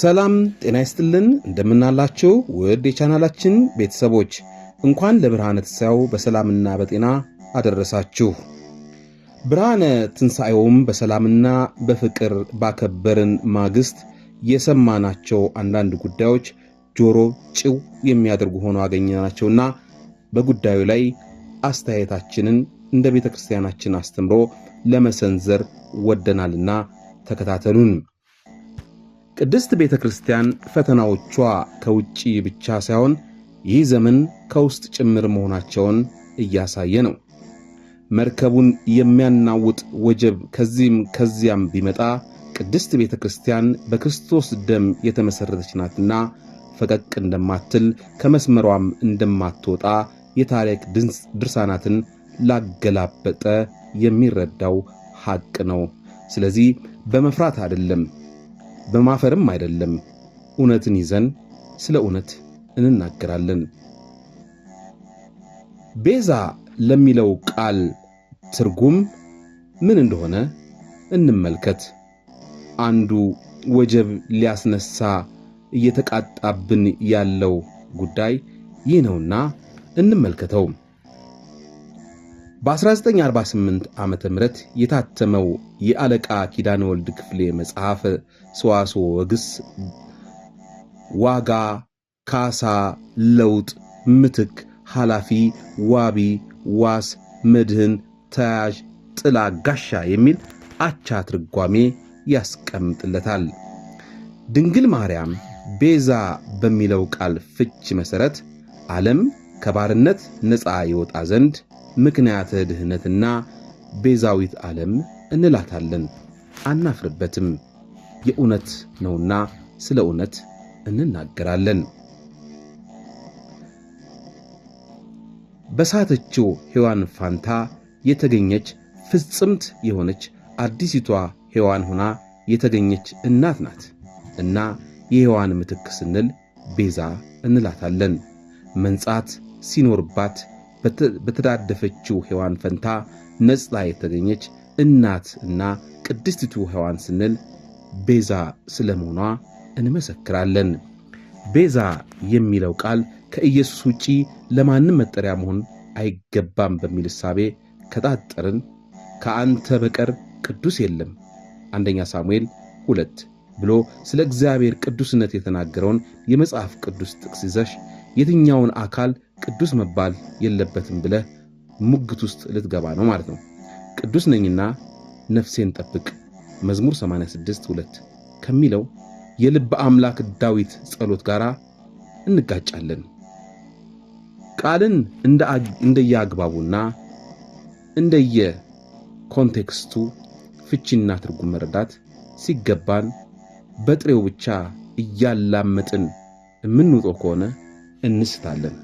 ሰላም ጤና ይስጥልን። እንደምናላችሁ ውድ የቻናላችን ቤተሰቦች እንኳን ለብርሃነ ትንሣኤው በሰላምና በጤና አደረሳችሁ። ብርሃነ ትንሣኤውም በሰላምና በፍቅር ባከበርን ማግስት የሰማናቸው አንዳንድ ጉዳዮች ጆሮ ጭው የሚያደርጉ ሆነው አገኘናቸውና በጉዳዩ ላይ አስተያየታችንን እንደ ቤተ ክርስቲያናችን አስተምሮ ለመሰንዘር ወደናልና ተከታተሉን። ቅድስት ቤተ ክርስቲያን ፈተናዎቿ ከውጪ ብቻ ሳይሆን ይህ ዘመን ከውስጥ ጭምር መሆናቸውን እያሳየ ነው። መርከቡን የሚያናውጥ ወጀብ ከዚህም ከዚያም ቢመጣ ቅድስት ቤተ ክርስቲያን በክርስቶስ ደም የተመሠረተች ናትና ፈቀቅ እንደማትል ከመስመሯም እንደማትወጣ የታሪክ ድርሳናትን ላገላበጠ የሚረዳው ሐቅ ነው። ስለዚህ በመፍራት አይደለም በማፈርም አይደለም። እውነትን ይዘን ስለ እውነት እንናገራለን። ቤዛ ለሚለው ቃል ትርጉም ምን እንደሆነ እንመልከት። አንዱ ወጀብ ሊያስነሳ እየተቃጣብን ያለው ጉዳይ ይህ ነውና እንመልከተው። በ1948 ዓ ም የታተመው የአለቃ ኪዳነ ወልድ ክፍሌ መጽሐፍ ሰዋስወ ወግስ ዋጋ፣ ካሳ፣ ለውጥ፣ ምትክ፣ ኃላፊ፣ ዋቢ፣ ዋስ፣ መድህን፣ ተያዥ፣ ጥላ፣ ጋሻ የሚል አቻ ትርጓሜ ያስቀምጥለታል። ድንግል ማርያም ቤዛ በሚለው ቃል ፍች መሠረት ዓለም ከባርነት ነፃ ይወጣ ዘንድ ምክንያተ ድህነትና ቤዛዊት ዓለም እንላታለን። አናፍርበትም። የእውነት ነውና ስለ እውነት እንናገራለን። በሳተችው ሔዋን ፋንታ የተገኘች ፍጽምት የሆነች አዲሲቷ ሔዋን ሆና የተገኘች እናት ናት እና የሔዋን ምትክ ስንል ቤዛ እንላታለን። መንጻት ሲኖርባት በተዳደፈችው ሔዋን ፈንታ ነጽላ የተገኘች እናት እና ቅድስቲቱ ሔዋን ስንል ቤዛ ስለመሆኗ እንመሰክራለን። ቤዛ የሚለው ቃል ከኢየሱስ ውጪ ለማንም መጠሪያ መሆን አይገባም በሚል እሳቤ ከጣጠርን ከአንተ በቀር ቅዱስ የለም አንደኛ ሳሙኤል ሁለት ብሎ ስለ እግዚአብሔር ቅዱስነት የተናገረውን የመጽሐፍ ቅዱስ ጥቅስ ይዘሽ የትኛውን አካል ቅዱስ መባል የለበትም ብለ ሙግት ውስጥ ልትገባ ነው ማለት ነው። ቅዱስ ነኝና ነፍሴን ጠብቅ መዝሙር 86 2 ከሚለው የልብ አምላክ ዳዊት ጸሎት ጋር እንጋጫለን። ቃልን እንደየአግባቡና እንደየ ኮንቴክስቱ ፍቺና ትርጉም መረዳት ሲገባን በጥሬው ብቻ እያላመጥን የምንውጠው ከሆነ እንስታለን።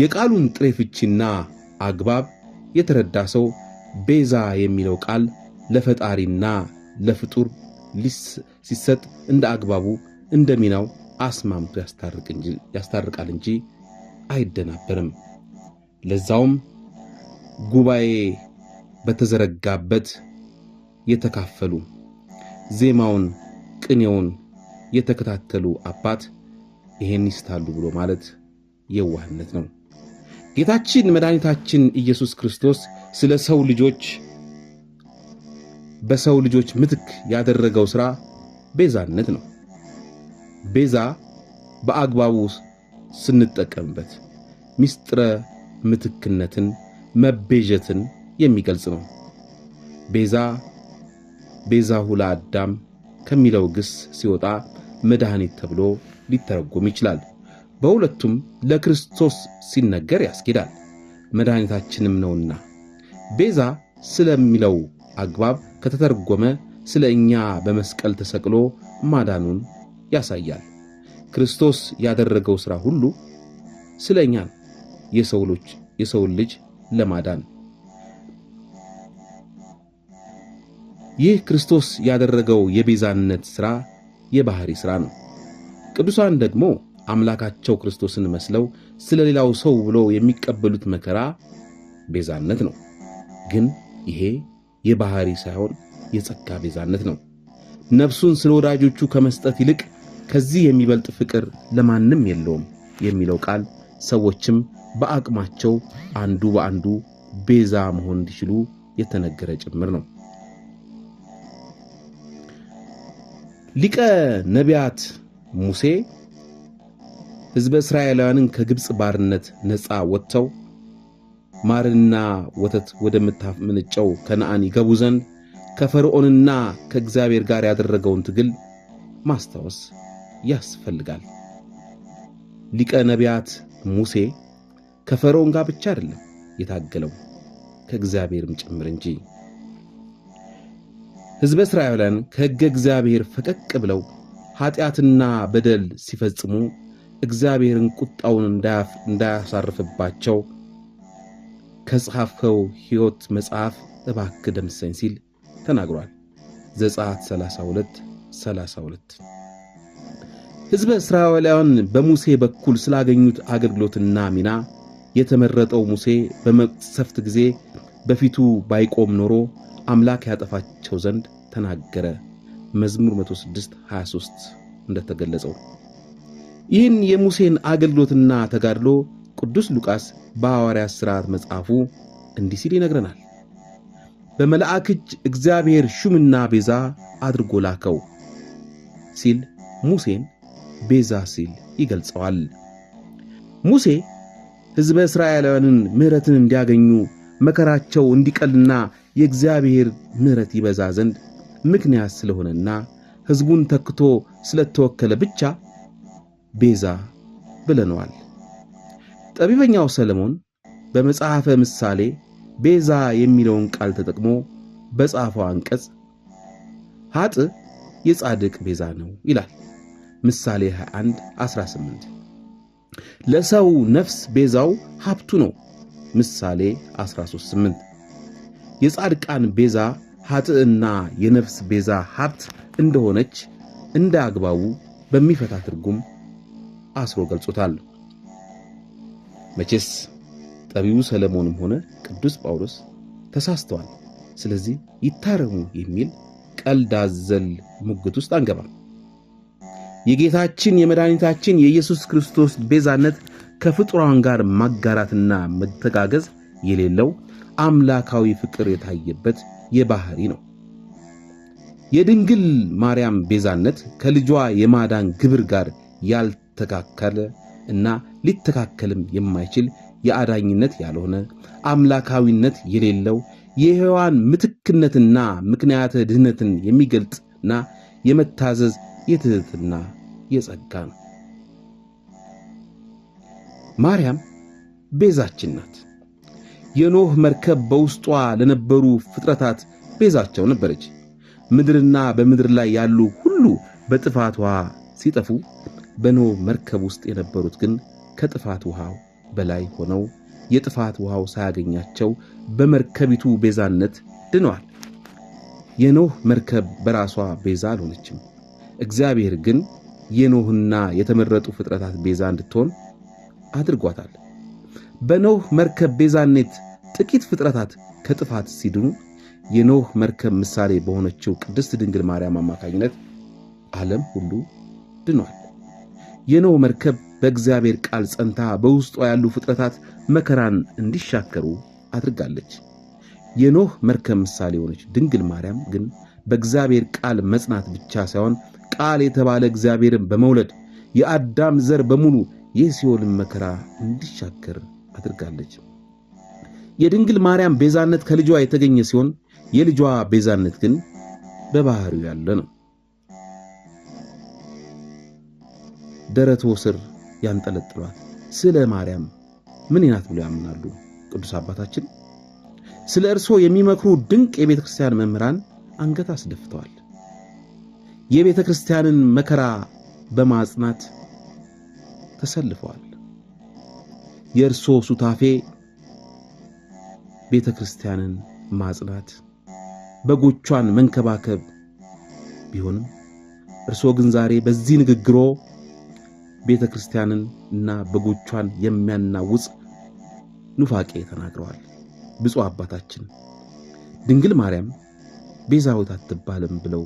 የቃሉን ጥሬ ፍቺና አግባብ የተረዳ ሰው ቤዛ የሚለው ቃል ለፈጣሪና ለፍጡር ሲሰጥ እንደ አግባቡ እንደ ሚናው አስማምቶ ያስታርቃል እንጂ አይደናበርም። ለዛውም ጉባኤ በተዘረጋበት የተካፈሉ ዜማውን፣ ቅኔውን የተከታተሉ አባት ይሄን ይስታሉ ብሎ ማለት የዋህነት ነው። ጌታችን መድኃኒታችን ኢየሱስ ክርስቶስ ስለ ሰው ልጆች በሰው ልጆች ምትክ ያደረገው ሥራ ቤዛነት ነው። ቤዛ በአግባቡ ስንጠቀምበት ምስጢረ ምትክነትን፣ መቤዠትን የሚገልጽ ነው። ቤዛ ቤዛሁ ለአዳም ከሚለው ግስ ሲወጣ መድኃኒት ተብሎ ሊተረጎም ይችላል። በሁለቱም ለክርስቶስ ሲነገር ያስኬዳል፣ መድኃኒታችንም ነውና። ቤዛ ስለሚለው አግባብ ከተተረጎመ ስለ እኛ በመስቀል ተሰቅሎ ማዳኑን ያሳያል። ክርስቶስ ያደረገው ሥራ ሁሉ ስለ እኛ ነው፣ የሰውን ልጅ ለማዳን። ይህ ክርስቶስ ያደረገው የቤዛነት ሥራ የባሕሪ ሥራ ነው። ቅዱሳን ደግሞ አምላካቸው ክርስቶስን መስለው ስለ ሌላው ሰው ብሎ የሚቀበሉት መከራ ቤዛነት ነው። ግን ይሄ የባህሪ ሳይሆን የጸጋ ቤዛነት ነው። ነፍሱን ስለ ወዳጆቹ ከመስጠት ይልቅ ከዚህ የሚበልጥ ፍቅር ለማንም የለውም የሚለው ቃል ሰዎችም በአቅማቸው አንዱ በአንዱ ቤዛ መሆን እንዲችሉ የተነገረ ጭምር ነው። ሊቀ ነቢያት ሙሴ ሕዝበ እስራኤላውያንን ከግብፅ ባርነት ነፃ ወጥተው ማርና ወተት ወደምታመነጨው ከነአን ይገቡ ዘንድ ከፈርዖንና ከእግዚአብሔር ጋር ያደረገውን ትግል ማስታወስ ያስፈልጋል። ሊቀ ነቢያት ሙሴ ከፈርዖን ጋር ብቻ አይደለም የታገለው ከእግዚአብሔርም ጭምር እንጂ። ሕዝበ እስራኤላውያን ከሕገ እግዚአብሔር ፈቀቅ ብለው ኀጢአትና በደል ሲፈጽሙ እግዚአብሔርን ቁጣውን እንዳያሳርፍባቸው ከጻፍኸው ሕይወት መጽሐፍ እባክ ደምሰኝ ሲል ተናግሯል። ዘጸአት 32 32 ሕዝበ እስራኤላውያን በሙሴ በኩል ስላገኙት አገልግሎትና ሚና የተመረጠው ሙሴ በመቅሰፍት ጊዜ በፊቱ ባይቆም ኖሮ አምላክ ያጠፋቸው ዘንድ ተናገረ። መዝሙር 106 23 እንደተገለጸው ይህን የሙሴን አገልግሎትና ተጋድሎ ቅዱስ ሉቃስ በሐዋርያት ሥርዓት መጽሐፉ እንዲህ ሲል ይነግረናል። በመልአክ እጅ እግዚአብሔር ሹምና ቤዛ አድርጎ ላከው ሲል ሙሴን ቤዛ ሲል ይገልጸዋል። ሙሴ ሕዝበ እስራኤላውያንን ምሕረትን እንዲያገኙ መከራቸው እንዲቀልና የእግዚአብሔር ምሕረት ይበዛ ዘንድ ምክንያት ስለሆነና ሕዝቡን ተክቶ ስለተወከለ ብቻ ቤዛ ብለነዋል። ጠቢበኛው ሰለሞን በመጽሐፈ ምሳሌ ቤዛ የሚለውን ቃል ተጠቅሞ በጻፈው አንቀጽ ሀጥ የጻድቅ ቤዛ ነው ይላል። ምሳሌ 21 18 ለሰው ነፍስ ቤዛው ሀብቱ ነው። ምሳሌ 138 የጻድቃን ቤዛ ሀጥዕና የነፍስ ቤዛ ሀብት እንደሆነች እንደ አግባቡ በሚፈታ ትርጉም አስሮ ገልጾታል። መቼስ ጠቢቡ ሰለሞንም ሆነ ቅዱስ ጳውሎስ ተሳስተዋል፣ ስለዚህ ይታረሙ የሚል ቀልድ አዘል ሙግት ውስጥ አንገባም። የጌታችን የመድኃኒታችን የኢየሱስ ክርስቶስ ቤዛነት ከፍጡራን ጋር ማጋራትና መተጋገዝ የሌለው አምላካዊ ፍቅር የታየበት የባህሪ ነው። የድንግል ማርያም ቤዛነት ከልጇ የማዳን ግብር ጋር ያልተስተካከለ እና ሊተካከልም የማይችል የአዳኝነት ያልሆነ አምላካዊነት የሌለው የሔዋን ምትክነትና ምክንያተ ድህነትን የሚገልጥና የመታዘዝ የትህትና የጸጋ ነው። ማርያም ቤዛችን ናት። የኖህ መርከብ በውስጧ ለነበሩ ፍጥረታት ቤዛቸው ነበረች። ምድርና በምድር ላይ ያሉ ሁሉ በጥፋቷ ሲጠፉ በኖህ መርከብ ውስጥ የነበሩት ግን ከጥፋት ውሃው በላይ ሆነው የጥፋት ውሃው ሳያገኛቸው በመርከቢቱ ቤዛነት ድነዋል። የኖህ መርከብ በራሷ ቤዛ አልሆነችም። እግዚአብሔር ግን የኖህና የተመረጡ ፍጥረታት ቤዛ እንድትሆን አድርጓታል። በኖህ መርከብ ቤዛነት ጥቂት ፍጥረታት ከጥፋት ሲድኑ የኖህ መርከብ ምሳሌ በሆነችው ቅድስት ድንግል ማርያም አማካኝነት ዓለም ሁሉ ድኗል። የኖህ መርከብ በእግዚአብሔር ቃል ጸንታ በውስጧ ያሉ ፍጥረታት መከራን እንዲሻከሩ አድርጋለች። የኖህ መርከብ ምሳሌ የሆነች ድንግል ማርያም ግን በእግዚአብሔር ቃል መጽናት ብቻ ሳይሆን ቃል የተባለ እግዚአብሔርን በመውለድ የአዳም ዘር በሙሉ የሲኦልን መከራ እንዲሻከር አድርጋለች። የድንግል ማርያም ቤዛነት ከልጇ የተገኘ ሲሆን የልጇ ቤዛነት ግን በባህሪው ያለ ነው። ደረቶ ስር ያንጠለጥሏል። ስለ ማርያም ምን ይናት ብለው ያምናሉ ቅዱስ አባታችን? ስለ እርሶ የሚመክሩ ድንቅ የቤተ ክርስቲያን መምህራን አንገት አስደፍተዋል። የቤተ ክርስቲያንን መከራ በማጽናት ተሰልፈዋል። የእርሶ ሱታፌ ቤተ ክርስቲያንን ማጽናት፣ በጎቿን መንከባከብ ቢሆንም እርሶ ግን ዛሬ በዚህ ንግግሮ ቤተ ክርስቲያንን እና በጎቿን የሚያናውጽ ኑፋቄ ተናግረዋል። ብፁዕ አባታችን ድንግል ማርያም ቤዛዊት አትባልም ብለው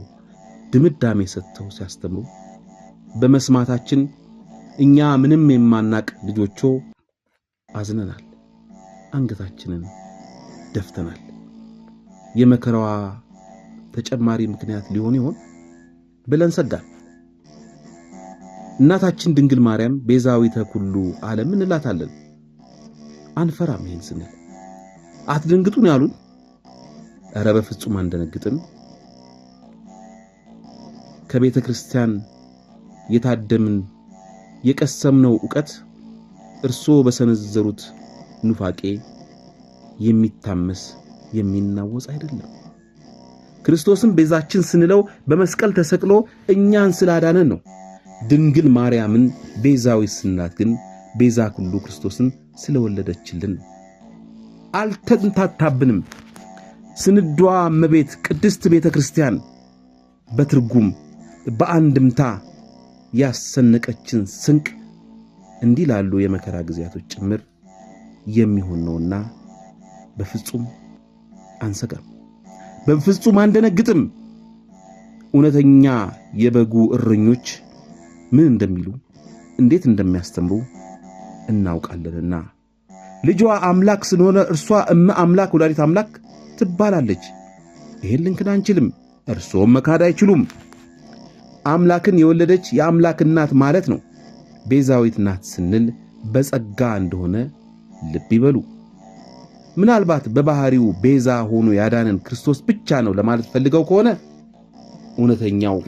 ድምዳሜ ሰጥተው ሲያስተምሩ በመስማታችን እኛ ምንም የማናቅ ልጆቾ አዝነናል፣ አንገታችንን ደፍተናል። የመከራዋ ተጨማሪ ምክንያት ሊሆን ይሆን ብለን ሰጋን። እናታችን ድንግል ማርያም ቤዛዊተ ኩሉ ዓለም እንላታለን። አንፈራም። ይህን ስንል አትደንግጡን ያሉን። እረ በፍጹም አንደነግጥም። ከቤተ ክርስቲያን የታደምን የቀሰምነው እውቀት እርሶ በሰነዘሩት ኑፋቄ የሚታመስ የሚናወጽ አይደለም። ክርስቶስን ቤዛችን ስንለው በመስቀል ተሰቅሎ እኛን ስላዳነን ነው። ድንግል ማርያምን ቤዛዊ ስናት ግን ቤዛ ሁሉ ክርስቶስን ስለወለደችልን አልተንታታብንም። ስንዷ እመቤት ቅድስት ቤተ ክርስቲያን በትርጉም በአንድምታ ያሰነቀችን ስንቅ እንዲህ ላሉ የመከራ ጊዜያቶች ጭምር የሚሆን ነውና በፍጹም አንሰጋም፣ በፍጹም አንደነግጥም። እውነተኛ የበጉ እረኞች ምን እንደሚሉ እንዴት እንደሚያስተምሩ እናውቃለንና ልጇ አምላክ ስለሆነ እርሷ እመ አምላክ ወላዲት አምላክ ትባላለች። ይህን ልንክድ አንችልም፣ እርስዎም መካድ አይችሉም። አምላክን የወለደች የአምላክ እናት ማለት ነው። ቤዛዊት ናት ስንል በጸጋ እንደሆነ ልብ ይበሉ። ምናልባት በባህሪው ቤዛ ሆኖ ያዳነን ክርስቶስ ብቻ ነው ለማለት ፈልገው ከሆነ እውነተኛው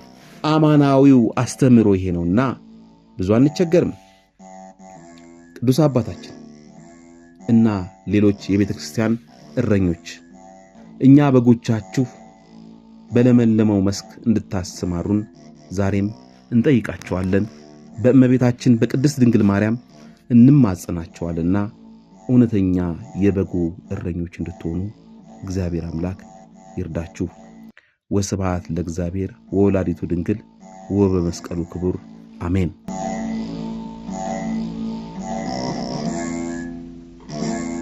አማናዊው አስተምህሮ ይሄ ነውና ብዙ አንቸገርም። ቅዱስ አባታችን እና ሌሎች የቤተ ክርስቲያን እረኞች እኛ በጎቻችሁ በለመለመው መስክ እንድታሰማሩን ዛሬም እንጠይቃቸዋለን። በእመቤታችን በቅድስት ድንግል ማርያም እንማጸናቸዋልና እውነተኛ የበጉ እረኞች እንድትሆኑ እግዚአብሔር አምላክ ይርዳችሁ። ወስብሐት ለእግዚአብሔር ወወላዲቱ ድንግል ወበመስቀሉ ክቡር አሜን።